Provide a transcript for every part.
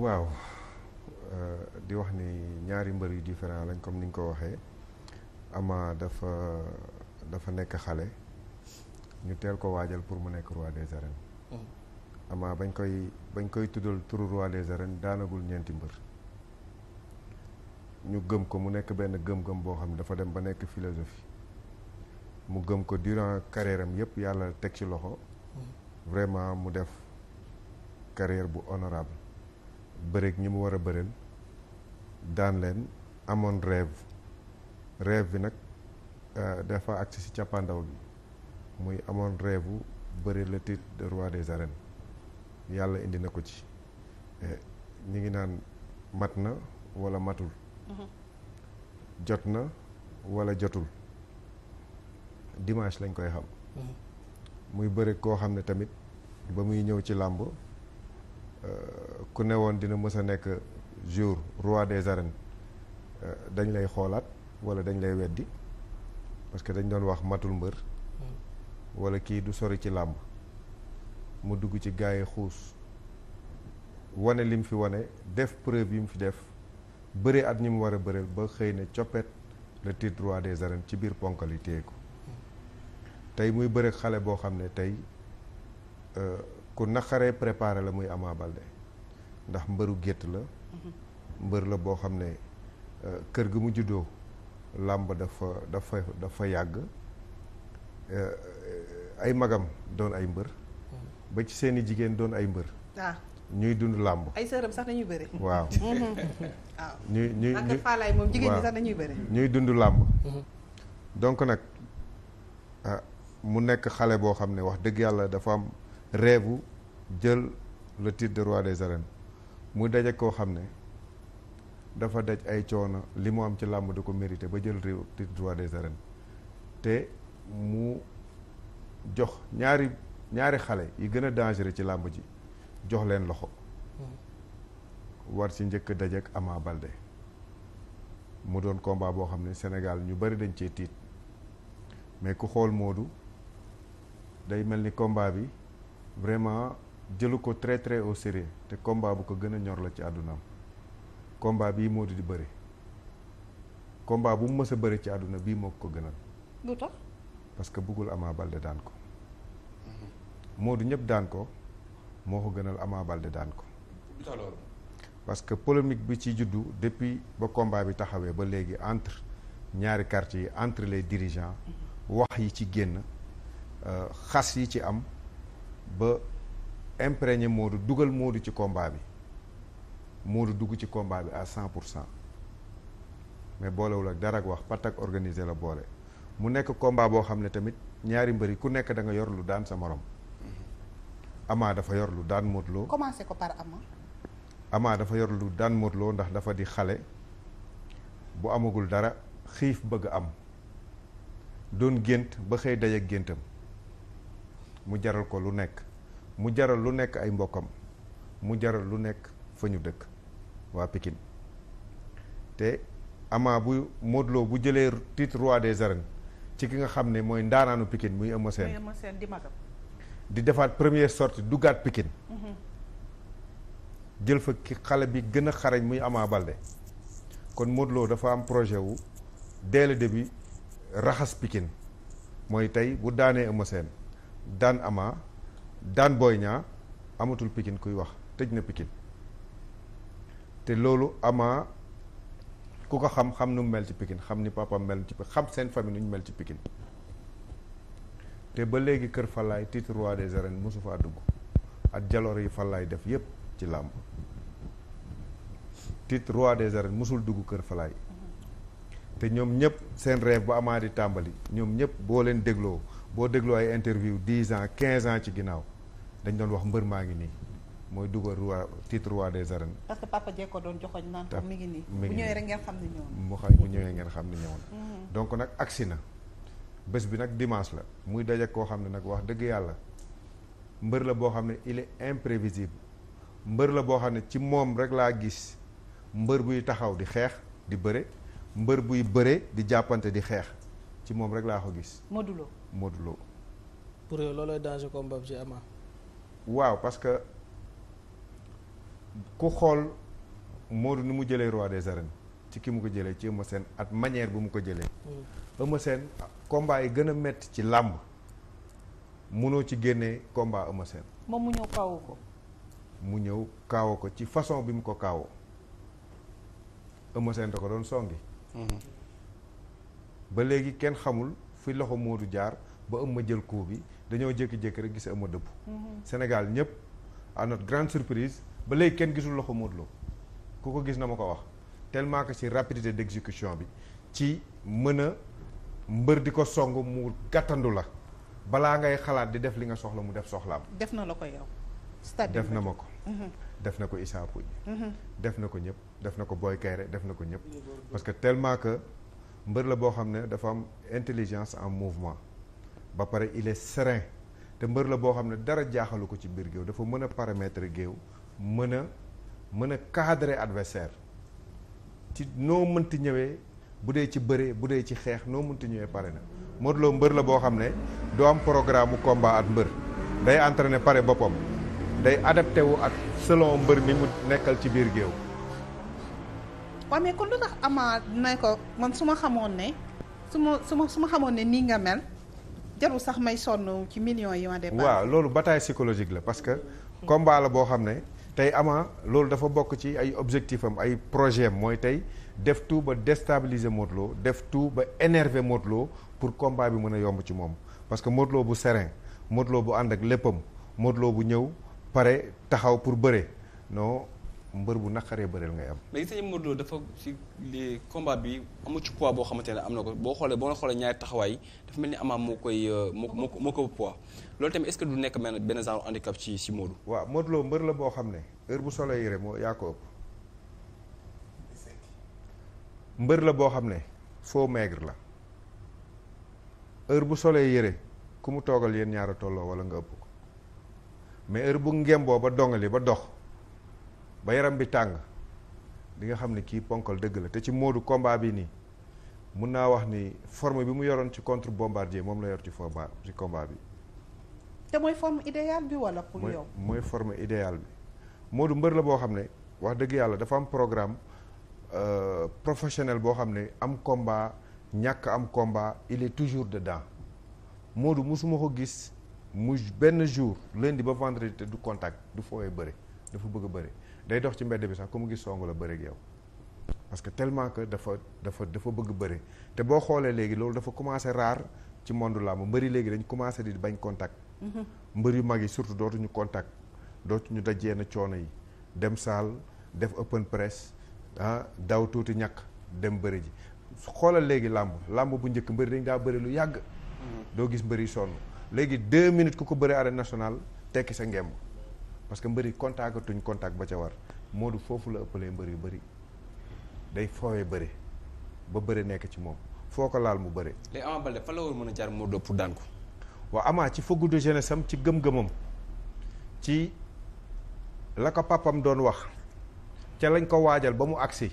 waaw euh, di wax ni ñaari mbër yu différent lañ comme ni nga ko waxee Ama dafa dafa nekk xale ñu teel ko waajal pour mu nekk roi des arènes mm-hmm. Ama bañ koy bañ koy tuddal turu roi des arènes daanagul ñeenti mbër ñu gëm ko mu nekk benn gëm-gëm boo xam ne dafa dem ba nekk philosophie mu gëm ko durant carrière am yëpp yàlla teg ci loxo mm-hmm. vraiment mu def carrière bu honorable bëreeg ñi mu war a bëreel daan leen amoon rêve rêve bi nag euh, dafa agsi si càppandaw bi muy amoon rêve bu bëri le titre roi des arènes yàlla indi na ko ci eh, ñu ngi naan mat na wala matul mhm. jot na wala jotul dimanche lañ koy xam mhm. muy bëri koo xam ne tamit ba muy ñëw ci làmb Euh, ku ne woon dina mës nekk jour roi des arènes euh, dañ lay xoolaat wala dañ lay weddi parce que dañ doon wax matul mbër mm. wala kii du sori ci làmb mu dugg ci gars yi xuus wane lim fi wane def preuve yi mu fi def bëre at ñi mu war a bëreel ba xëy ne coppet le titre roi des arènes ci biir ponkal yi ko mm. tey muy bëre xale boo xam ne tey euh, ku naqaree préparé la muy Ama Baldé ndax mbëru gétt la mbër la boo xam ne euh, kër gi mu juddoo làmb dafa dafa dafa yàgg euh, ay magam doon ay mbër ba ci seeni jigéen doon ay mbër ah. ñuy dund làmb ay ñuy dund làmb mm-hmm. donc nag ah, mu nekk xale boo xam ne wax dëgg yàlla dafa am reebu jël le titre de roi des arènes mu daje koo xam ne dafa daj ay coono li mu am ci làmb di ko mérité ba jël réew titre de roi des arènes te mu jox ñaari ñaari xale yi gën a dangereux ci làmb ji jox leen loxo hmm. war ci njëkk daje ak Ama mu doon combat boo xam ne Sénégal ñu bari dañ cee tiit mais ku xool Modou day mel ni combat bi vraiment jëlu ko très très au sérieux te combat bu ko gën a ñor la ci àddunaam combat bii moo di di bëri combat bu mu mës a bëri ci àdduna bii moo ko gënal. lu tax parce que bëggul Ama Balde daan ko. moo du ñëpp daan ko moo ko gënal Ama Balde daan ko. parce que polémique bi ci juddu depuis ba combat bi taxawee ba léegi entre ñaari quartier yi entre les dirigeants. wax yi ci génn euh, xas yi ci am. ba imprégné moodu dugal moodu ci combat bi Modou dugg ci combat bi à cent pour cent mais boolewul ak dara ak wax pat ak organisé la boole mu nekk combat boo xam ne tamit ñaari mbëri ku nekk da nga yor lu daan sa morom mhm. Ama dafa yor lu daan Modou Lo commencé ko par Ama dafa yor lu daan Modou ndax dafa di xale bu amagul dara xiif bëgg am doon gént ba xëy day ak géntam mu jaral ko lu nekk mu jaral lu nekk ay mbokkam mu jaral lu nekk fa ñu dëkk waa Pikine te Ama bu Modou bu jëlee titre roi des arènes ci ki nga xam ne mooy ndaanaanu Pikine muy Eumeu Sène di magam di defaat première sortie duggaat Pikine mhm. jël fa ki xale bi gën a xarañ muy amaa Baldé kon Modou dafa am projet wu dès le début raxas Pikine mooy tey bu daanee Eumeu Sène daan Ama daan Boy Niang amatul Pikine kuy wax tëj na Pikine te loolu Ama ku ko xam xam nu mu mel ci Pikine xam ni papa mel ci xam seen famille nu ñu mel ci Pikine te ba léegi kër Falaay titre roi des arènes mosu faa dugg ak jaloor yi Falaay def yépp ci làmb titre roi des arènes mosul dugg kër Falaay te ñoom ñëpp seen rêve ba Ama di tàmbali ñoom ñëpp boo leen dégloo boo déglu ay interview dix ans quinze ans ci ginnaaw dañ doon wax mbër maa ngi nii mooy dugal roi titre roi des arènes. parce que papa Dieng ko doon joxoon naan ko mi ngi nii. bu ñëwee ngeen xam ne ñëw na. mu xam ngeen xam ne ñëw donc nag agsi na bés bi nag dimanche la muy daje koo xam ne nag wax dëgg yàlla mbër la boo xam ne il est imprévisible mbër la boo xam ne ci moom rek laa gis mbër buy taxaw di xeex di bëre mbër buy bëre di jàppante di xeex. ci moom rek laa ko gis. Modou Lo Modou Lo. pour yow waaw parce que ku xool Modou ni mu jëlee roi des arènes ci ki mu ko jëlee ci Eumeu ak manière bu mu ko jëlee. Mm. Eumeu Sène combat gën a metti ci làmb munoo ci génnee combat Eumeu moom mu ñëw kaawoo ko. mu ñëw kaawoo ko ci façon bi mu ko kaawoo Eumeu Sène ko doon songi. Mm-hmm. ba léegi kenn xamul fi loxo Modou jaar ba ëmma jël coup bi dañoo jékki-jékki rek gis ëmma dëpp mhm. Sénégal ñëpp à notre grande surprise ba léegi kenn gisul loxo Modou Lo ku ko gis na ma ko wax tellement que ci rapidité d'exécution bi ci mën a mbër di ko song mu gàttandu la balaa ngay xalaat di def li nga soxla mu def soxlaam. def na la ko yow. def na ma ko. Mhm. def na ko Issa mhm. def na ko ñëpp def na ko Boy Kayre def na ko ñëpp. parce que tellement mbër la boo xam ne dafa am intelligence en mouvement ba pare il est te mbër la boo xam ne dara jaaxalu ko ci biir géew dafa mën a paramètre géew mën a mën a cadrer adversaire ci noo mënti ñëwee bu dee ci bëree bu dee ci xeex noo mënti ñëwee pare na Modou Lo mbër la boo xam ne doo am programme mu at mbër day ne pare boppam day adapté wu ak selon mbër mi mu nekkal ci biir géew waaw mais kon lu tax Ama ne ko man su ma xamoon ne su ma su ma su ma xamoon ne nii nga mel jarul sax may sonn ci million yi ma dépensé. waaw loolu bataille psychologique la parce que. combat la boo xam ne tey Ama loolu dafa bokk ci ay objectif am ay projet am mooy tey def tout ba déstabiliser Modou def tout ba énerver Modou pour combat bi mën a yomb ci moom parce que Modou bu serein Modou bu ànd ak léppam Modou bu ñëw pare taxaw pour bëre mbër bu naqaree bëreel ngay am. mais gis nañu Modou Lo dafa ci li combat bi amu ci poids boo xamante ne am na ko boo xoolee boo xoolee ñaari taxawaay dafa mel ni Ama moo koy euh, moo ko moo ko poids loolu tamit est-ce que du nekk benn benn genre handicap ci ci Modou. waaw Modou Lo mbër la boo xam ne heure bu solo yére moo yaa ko mbër la boo xam ne foo maigre la heure bu solee yére ku mu toogal yéen ñaara tolloo wala nga ëpp ko mais heure bu ngemboo ba dongali ba dox. ba yaram bi tàng di nga xam ne kii ponkal dëgg la te ci Modou combat bi nii mun naa wax ni forme bi mu yoroon ci contre bombardier moom la yor ci combat ci komba bi. te mooy forme idéale bi wala pour yow. mooy forme idéale bi mbër la boo xam ne wax dëgg yàlla dafa am programme euh, professionnel boo xam ne am komba ñàkk am combat il est toujours dedans Modou mosuma ko gis mu benn jour lundi ba vendredi te du contact du fooyee bëre dafa bëgg a bëre. day dox ci mbedd bi sax ku mu gis songu la bëre ak yow parce que tellement que dafa dafa dafa bëgg bëre te boo xoolee léegi loolu dafa commencé raar ci monde làmb mbëri léegi dañ commencé di bañ contact mm-hmm. mbër yu mag yi surtout dootuñu contact dootuñu dajee na coono yi dem saal def open press ah daw tuuti ñàkk dem bëri ji xoolal léegi làmb làmb bu njëkk mbëri dañ daa bëri lu yàgg mm-hmm. doo gis mbëri sonn léegi deux minutes ku ko bëri arène national tekki sa ngemb parce que mbëri contactatuñ kontak ba ca war Modou foofu la ëppalee mbër yu bëri day foowee bëri ba bëri nekk ci moom foo ko laal mu bëri. léegi Ama Baldé fa la war mën a jaar Modou pour daan ko. waaw Ama ci fougue de jeunesse ci gëm-gëmam ci la ko papam doon wax ca lañ ko waajal ba mu agsi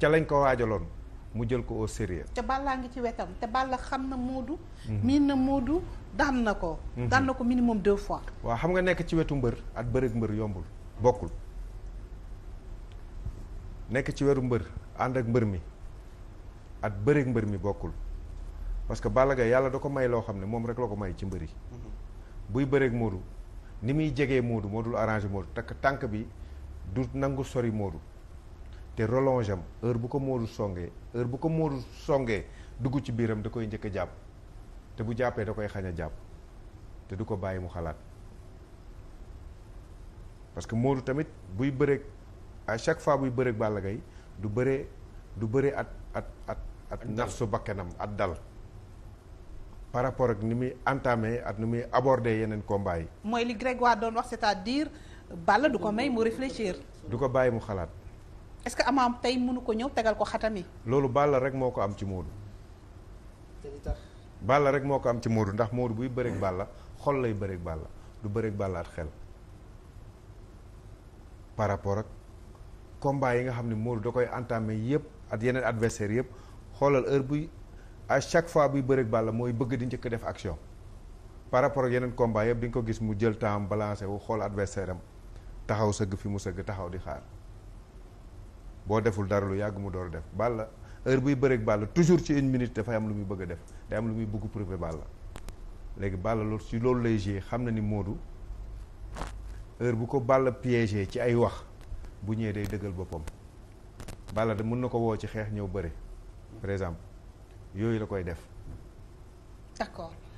ca lañ ko waajaloon. mu jël ko au sérieux te Balla ngi ci wetam te Balla xam na Modou mhm. miin na Modou daan na ko mhm. daan na ko minimum deux fois waa xam nga nekk ci wetu mbër at bërëg mbër yombul bokkul nekk ci wetu mbër ànd ak mbër mi at bërëg mbër mi bokkul parce que Balla yàlla da ko may loo xam ne moom rek la ko may ci mbër yi mhm. buy bëreeg Modou ni muy jegee Modou moo dul arrangé Modou takk tànk bi du nangu sori Modou te rallonge am heure bu ko Modou songee heure bu ko Modou songee dugg ci biiram da koy jëkk jàpp te bu jàppee da koy xañ a jàpp te du ko bàyyi mu xalaat parce que Modou tamit buy bëreeg à chaque fois buy bëreeg Balla Gaye du bëree du bëree at at at at su bakkenam at dal par rapport ak ni muy entamé ak ni muy aborde yeneen combat yi. mooy li Grégoire doon wax c'est-à-dire Balla du ko may mu réfléchir. du ko bàyyi mu xalaat. est-ce que amaam tey mënu ko ñëw tegal ko xatami loolu Balla rek moo ko am ci Modou. Balla rek moo ko am ci Modou ndax Modou buy bëreeg Balla xol lay bëreeg Balla du bëreeg Balla at xel. par rapport ak combat yi nga xam ne Modou da koy entamé yëpp ak yeneen adversaire yëpp xoolal heure buy à chaque fois buy bëreeg Balla mooy bëgg di njëkk def action. par rapport ak yeneen combat yëpp di nga ko gis mu jël temps balancé wu xool adversaire am taxaw sëgg fi mu sëgg taxaw di xaar. boo deful dara lu yàgg mu door def Balla heure buy bëreek Balla toujours ci une minute dafay am lu muy bëgg def day am lu muy bëgg prouver Balla léegi Balla loolu si loolu lay jouer xam na ni Modou heure bu ko Balla piégé ci ay wax bu ñëwee day dëggal boppam Balla de mun na ko woo ci xeex ñëw bëre par exemple yooyu la koy def d'accord